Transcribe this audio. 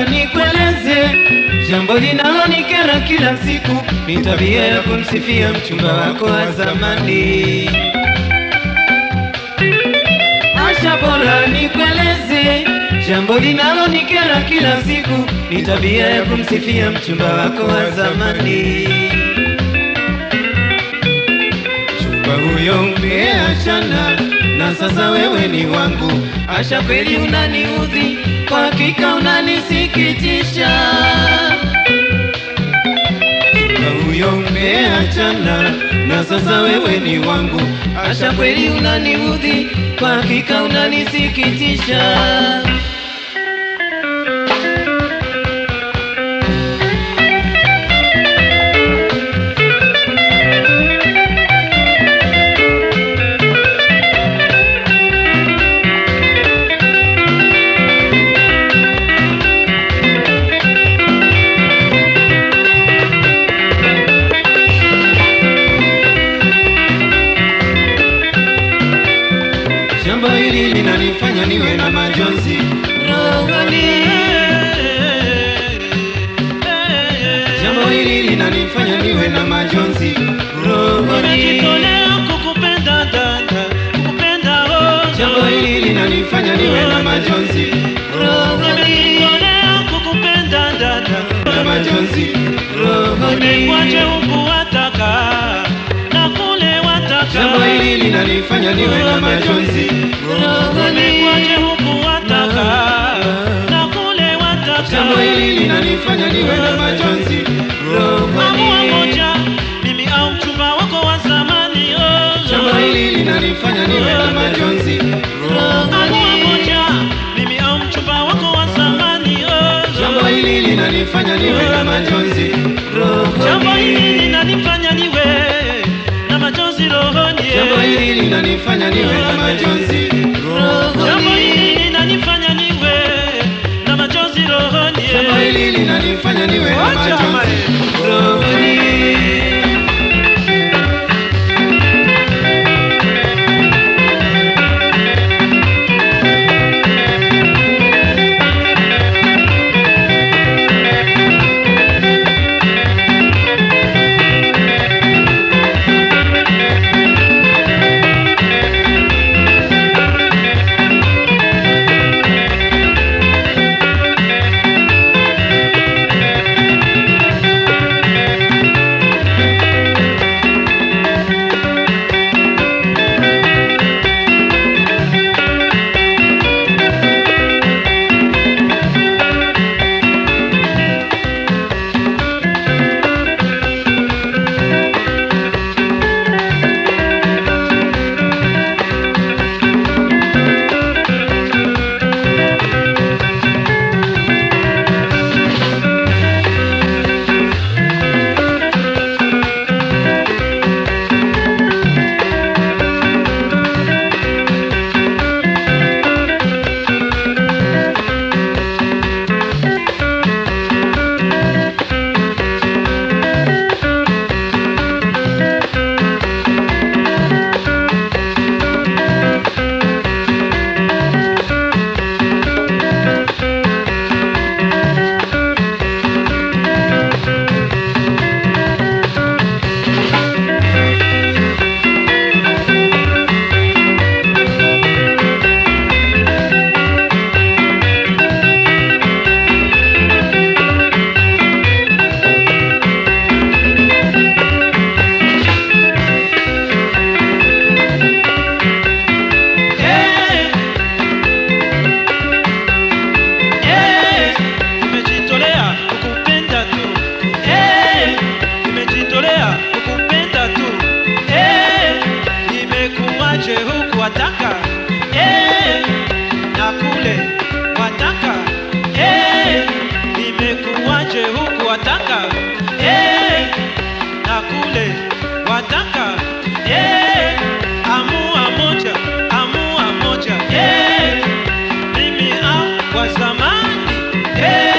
nataka nikueleze jambo linalonikera kila siku, ni tabia ya kumsifia mchumba wako wa zamani. Asha, bora nikueleze jambo linalonikera kila siku, ni tabia ya kumsifia mchumba wako wa zamani. Mchumba huyo umeachana na sasa wewe ni wangu. Asha, kweli unaniudhi, kwa hakika unanisikitisha. Huyo umeachana na sasa wewe ni wangu. Asha, kweli unaniudhi, kwa hakika unanisikitisha. linanifanya niwe na majonzi rogoni. Jambo hili linanifanya niwe na majonzi rogoni. kukupenda dada, kukupenda oh. Jambo hili linanifanya niwe na majonzi rogoni. kukupenda dada, na majonzi rogoni. Kwaje hukuwataka jambo hili linanifanya niwe na majonzi. Nikuache huku wataka na kule wataka, jambo hili linanifanya niwe na majonzi. Mama moja mimi au mchumba wako wa zamani, oh. jambo hili linanifanya niwe na majonzi. Mama moja mimi au mchumba wako wa zamani, oh. jambo hili linanifanya niwe na majonzi. Jambo hili linanifanya niwe hili linanifanya niwe na majonzi je hukuwataka eh, na kule wataka eh, nimekuwaje hukuwataka eh, na kule wataka eh, amua moja amua moja eh, mimi ah, wa zamani eh,